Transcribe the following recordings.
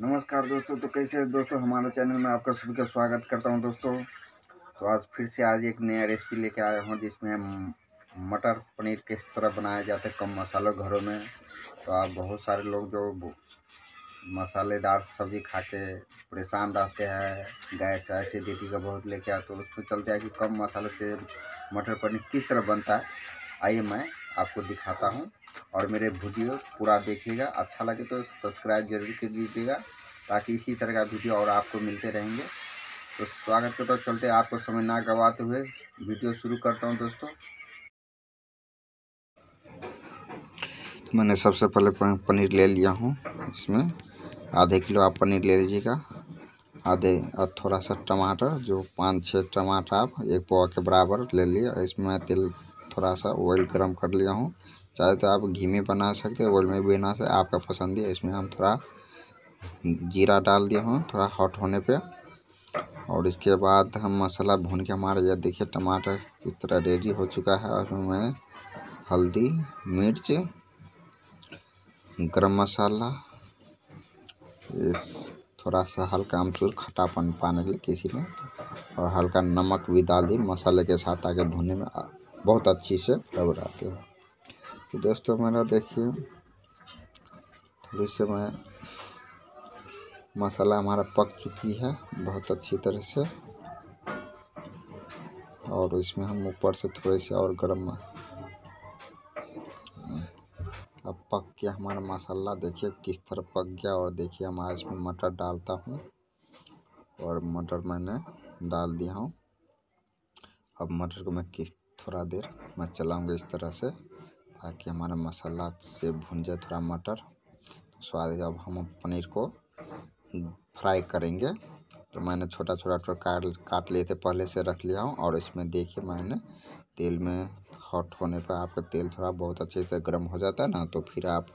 नमस्कार दोस्तों तो कैसे दोस्तों हमारे चैनल में आपका सभी का स्वागत करता हूं दोस्तों तो आज फिर से आज एक नया रेसिपी लेके आया हूं जिसमें मटर पनीर किस तरह बनाया जाता है कम मसालों घरों में तो आप बहुत सारे लोग जो मसालेदार सब्जी खा के परेशान रहते हैं गैस ऐसे देती का बहुत लेके आते तो उसमें चलते हैं कि कम मसाले से मटर पनीर किस तरह बनता है आइए मैं आपको दिखाता हूँ और मेरे वीडियो पूरा देखिएगा अच्छा लगे तो सब्सक्राइब जरूर कर दीजिएगा ताकि इसी तरह का वीडियो और आपको मिलते रहेंगे तो स्वागत करता हूँ चलते आपको समय ना गवाते हुए वीडियो शुरू करता हूँ दोस्तों मैंने सबसे पहले पनीर ले लिया हूँ इसमें आधे किलो आप पनीर ले लीजिएगा आधे और थोड़ा सा टमाटर जो पाँच छः टमाटर आप एक पवा के बराबर ले लिए इसमें तेल थोड़ा सा ऑयल गर्म कर लिया हूँ चाहे तो आप घी में बना सकते हैं ऑयल में भी बना सकते आपका पसंद है इसमें हम थोड़ा जीरा डाल दिया हूँ थोड़ा हॉट होने पे और इसके बाद हम मसाला भून के हमारे यहाँ देखिए टमाटर किस तरह रेडी हो चुका है और मैं हल्दी मिर्च गरम मसाला इस थोड़ा सा हल्का अमचूर खटापन पाने के लिए किसी ने और हल्का नमक भी डाल दी मसाले के साथ आगे भूनने में बहुत अच्छी से घबराते हैं तो दोस्तों मेरा देखिए थोड़ी से मैं मसाला हमारा पक चुकी है बहुत अच्छी तरह से और इसमें हम ऊपर से थोड़े से और गरम अब पक गया हमारा मसाला देखिए किस तरह पक गया और देखिए हमारा इसमें मटर डालता हूँ और मटर मैंने डाल दिया हूँ अब मटर को मैं किस थोड़ा देर मैं चलाऊंगा इस तरह से ताकि हमारा मसाला से भुन जाए थोड़ा मटर तो स्वाद अब हम पनीर को फ्राई करेंगे तो मैंने छोटा छोटा काट काट लिए थे पहले से रख लिया हूँ और इसमें देखिए मैंने तेल में हॉट होने पर आपका तेल थोड़ा बहुत अच्छे से गर्म हो जाता है ना तो फिर आप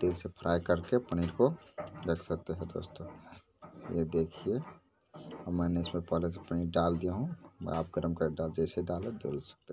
तेल से फ्राई करके पनीर को रख सकते हैं दोस्तों ये देखिए और मैंने इसमें पहले से पनीर डाल दिया हूँ आप गर्म कर डाल जैसे डाले डाल सकते हैं